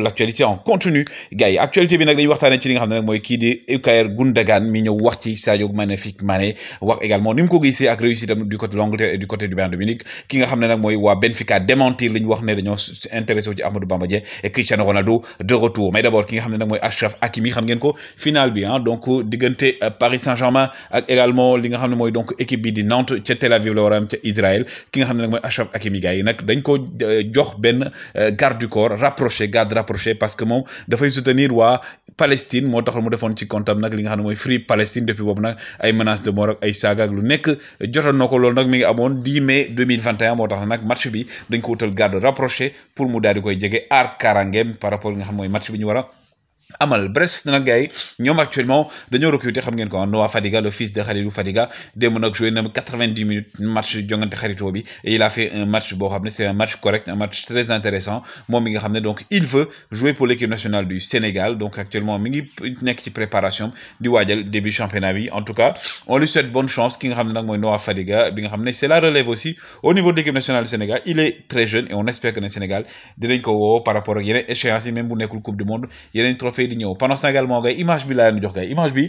l'actualité en continu gars actualité bi nag dañuy waxtaanee ci li nga xam nak moy ki di Ilkay Gundagan mi ñëw wax ci Sadio Magnifique Mané wax également nim ko gisee ak réussite du côté de l'Angleterre et du côté du Bayern de ki nga xam nak moy wa Benfica démentir li ñu wax né dañoo intéressé ci Amadou Bamba et Cristiano Ronaldo de retour mais d'abord ki nga xam nak moy Achraf Hakimi xam ngeen ko final bi hein donc diggante euh, Paris Saint-Germain ak également li nga xam moy donc équipe bi di Nantes ci Tel Aviv la waram ci Israël ki nga xam nak moy Achraf Hakimi gars yi nag dañ ko euh, jox ben garde du corps rapproché garde parce que mon dafay soutenir la Palestine mon mu la ci compte li Free Palestine depuis nak menace de mort ay saga ak lu nekk jotoon 10 mai 2021 mon tax match bi dañ ko garde rapproché pour mu jege par rapport nga match amal Brest na Nous sommes actuellement dañu recruté xam ngeen ko ah, Noah Fadiga le fils de Khalilou Fadiga il a joué na 90 minutes match jongante xaritou bi et il a fait un match bo xamné c'est un match correct un match très intéressant nga donc il veut jouer pour l'équipe nationale du Sénégal donc actuellement mi a nekk ci préparation di wadjal début championnat en tout cas on lui souhaite bonne chance ki nga Noah Fadiga bi nga c'est la relève aussi au niveau de l'équipe nationale du Sénégal il est très jeune et on espère que le Sénégal ko par rapport ak yene échéances même bu nekul coupe du monde il une trophée fay di image bi laa image bi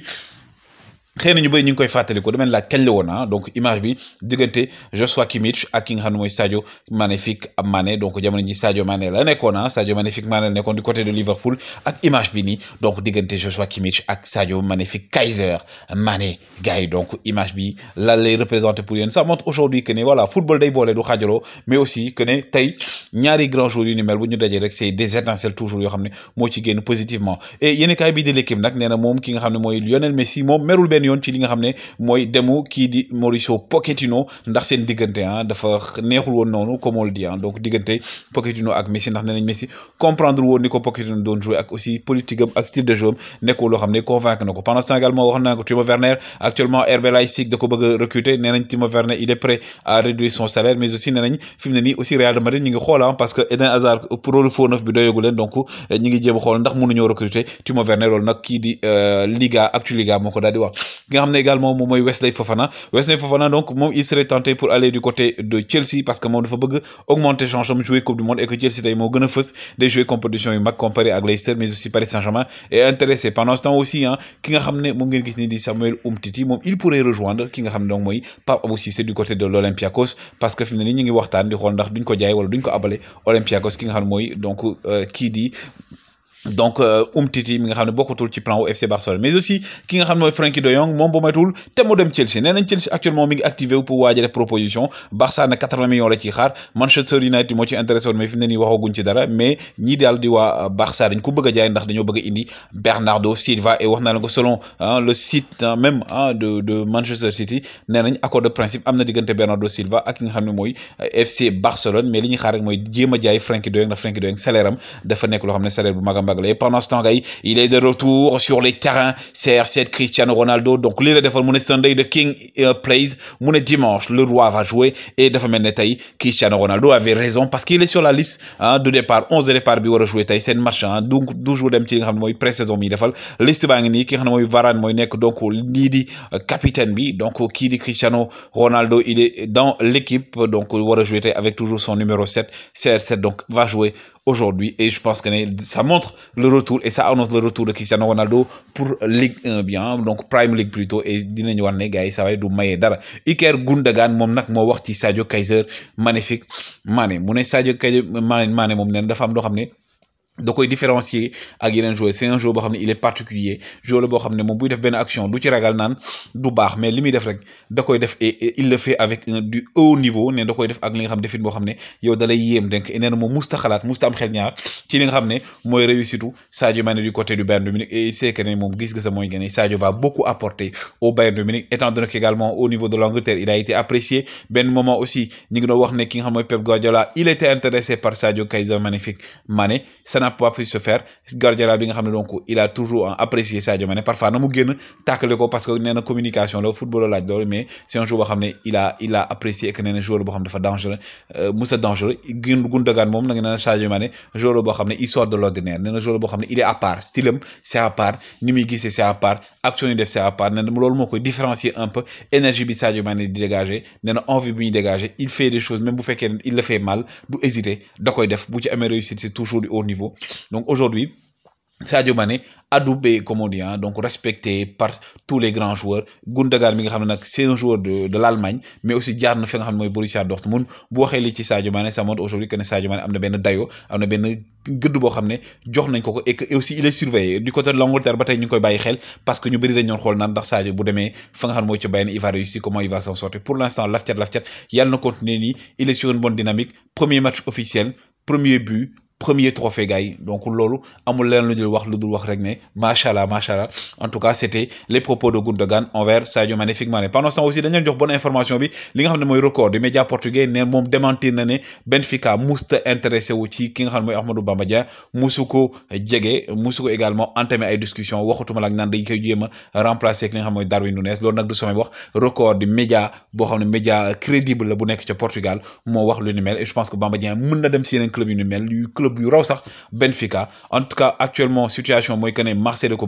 xëy ñu bëri ñu ngi koy ko damay laaj kañ la woon ah, donc image bi diggante Joshua Kimmich ak ki nga xam ne magnifique Mané donc jamono ji Sadio Mané la nekkoon ah Sadio magnifique Mané la du côté de Liverpool ak image bi ni donc diggante Joshua Kimmich ak Sadio magnifique Kaiser Mané gars yi donc image bi la lay représenter pour yéen ça montre aujourd'hui que ne voilà football day bolé du xaajaloo mais aussi que ne tay ñaari grand jour yu ñu mel bu ñu dajé rek c'est des étincelles toujours yo xamné mo ci génn positivement et yene kay bi de l'équipe nak néna mom ki nga xamné moy Lionel Messi mom merul benn yoon ci li nga xam moy mooy demu di Mauricio Pochettino ndax sen diggante hein dafa neexul won noonu comme on le dit hein donc diggante Pochettino ak Messi ndax nee nañ Messi comprendre woon ni ko Pochettino doon jouer ak aussi politique ak style de jeu am lo loo xam nako convaincre na pendant ce temps également wax nako Timo Werner actuellement RB Leipzig dako bëgg recruter nee Timo Werner il est prêt à réduire son salaire mais aussi nee fimné ni aussi Real Madrid ñi ngi xool ah, parce que Eden Hazard rôle faux neuf bi doyagu len donc ñi ngi jéem xol ndax mënu ñu recruter Timo Werner lol nak ki di euh, Liga actuel Liga moko daldi wax nga xamné également moom mooy Wesley Fofana Wesley Fofana donc mom il serait tenté pour aller du côté de Chelsea parce que moom dafa bëgg augmenter chance de jouer coupe du monde et que Chelsea tay mo gëna a de jouer compétition yu mag comparé à Leicester mais aussi Paris Saint-Germain est intéressé pendant ce temps aussi hein ki nga xamné mom ngeen gis ni di Samuel Umtiti mom il pourrait rejoindre ki nga xamné donc moy Pape Abou Cissé du côté de l'Olympiakos parce que fi ni ñi ngi waxtaan di xol ndax duñ ko jaay wala duñ ko abale Olympiakos ki nga xamné moy donc qui euh, dit donc euh, Umtiti mi nga xam ne ci plan au FC Barcelone mais aussi ki nga xam moy mooy de Jong mom bu matul té mu dem Chelsea nénañ Chelsea actuellement mi ngi activé wu pour waaj a proposition Barça na 80 millions la ci xaar Manchester United mo ci intéressé woon mais fi mu ne waxaguñ ci dara mais ñi daal di waa euh, Barça dañ ko bëgg jaay ndax dañu bëgg indi Bernardo Silva et wax naa la ko selon hein, le site hein, même hein, de de Manchester City nénañ accord de principe amna na Bernardo Silva ak ki nga xam moy euh, FC Barcelone mais li ñuy xaar rek moy jéem jaay Frenkie de Jong na Frenkie de Jong salaire am dafa nek lo xam salaire bu magam pendant ce temps là il est de retour sur les terrains CR7 Cristiano Ronaldo donc l'île de defoon mu Sunday the King uh, plays Money dimanche le roi va jouer et de mel Cristiano Ronaldo avait raison parce qu'il est sur la liste hein, de départ 11 départ bi war jouer hein. donc toujours dem ci li nga xam pré-saison defal liste de donc le uh, capitaine donc qui dit Cristiano Ronaldo il est dans l'équipe donc il va jouer avec toujours son numéro 7 CR7 donc va jouer aujourd'hui et je pense que ça montre le retour et ça annonce le retour de Cristiano Ronaldo pour Ligue 1 bien donc Prime League to et dinañu wax ne gars yi saa waay du mayee dara Iker Gundogan moom nag moo wax ci Sadio Kaiser magnifique Mané mu ne Sadio Kaiser Mané Mané moom nee na dafa am loo xam ne. da koy différencier ak yeneen joueur c'est un joueur boo il est particulier joueur le boo xam ne moom buy def benn action du ci ragal naan du mais limite de def rek da def et il le fait avec un du haut niveau ne da koy def ak li nga xam defit boo xam ne yow da lay donc nee na musta khalat musta am xel ñaar ci li nga xam ne mooy Sadio Mané du côté du bain de et c'est sait que ne moom gis-gisa mooy gën Sadio va beaucoup apporter au bain dominique étant donné qu'également au niveau de l'Angleterre il a été apprécié ben moment aussi ñu ngi doon wax ne ki nga xam Pep Guardiola il était intéressé par Sadio Kaiser magnifique Mané n'a pas pu se faire gardien bi nga xam donc il a toujours apprécié Sadio Mané parfois na mu génn tàkkale ko parce que nee communication la football laaj loolu mais c'est un joueur bo xam il a il a apprécié que nee joueur bo xam dafa dangereux euh, Moussa dangereux gën Gundogan moom na nga nee Sadio Mané joueur bo xam il sort de l'ordinaire nee joueur bo xam il est à part style c'est à part ni muy c'est à part action yi def c'est à part nee na loolu moo différencier un peu énergie bi Sadio Mané di dégager nee envie bi ñuy dégager il fait des choses même bu fekkee il le fait mal du hésiter dakoy def bu ci amé réussite c'est toujours du haut niveau donc aujourd'hui, Sadio Mané doublé, comme on dit hein, donc respecté par tous les grands joueurs Gundogan mi nga c'est un joueur de de l'Allemagne mais aussi jaar na fi nga Borussia Dortmund bu waxee li ci Sadio Mané ça montre aujourd'hui que Sadio Mané a un bon dayo a un bon gëdd boo xam jox nañ ko ko et aussi il est surveillé du côté de l'Angleterre ba tey ñu ngi koy bayyi xel parce que ñu bari dañ doon xool naan ndax Sadio bu démé fa nga xam ne ci Bayern il va réussir comment il va s'en sortir pour l'instant la fiat la fiat yalla na continuer ni, il est sur une bonne dynamique premier match officiel premier but premier trophée gars donc lolu amul len lu dul wax lu dul wax rek ne machallah machallah en tout cas c'était les propos de Gundogan envers Sadio Mané Flick Mané pendant ce aussi dañ jox bonne information bi li nga xam moy record du média portugais né mom démentir na né Benfica musta intéressé wu ci ki nga xam moy mooy Ahmadou Bamba Dieng également entamé ay discussion waxatuma lak ak naan dañ koy jéem a remplacer ki nga xam moy Darwin Nunes lolu nak du samay wax record du média bo xam média crédible la bu nek ci Portugal mo wax lu ni mel et je pense que Bamba mën na dem si un club ni mel yu club club raw sax Benfica en tout cas actuellement situation moy que ne Marseille ko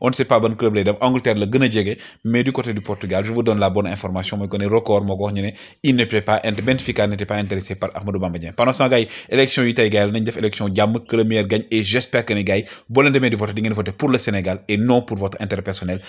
on ne sait pas ban club lay dem Angleterre la gëna a mais du côté du Portugal je vous donne la bonne information moy que ne record moko wax ñene ne plaît pas pas Benfica n'était pas intéressé par Ahmadou Bamba pendant ce temps gars est élection yi tay gars nañ def élection jamm gagne et j'espère que vous gars bo bonne leen demee di voter di voter pour le Sénégal et non pour votre intérêt personnel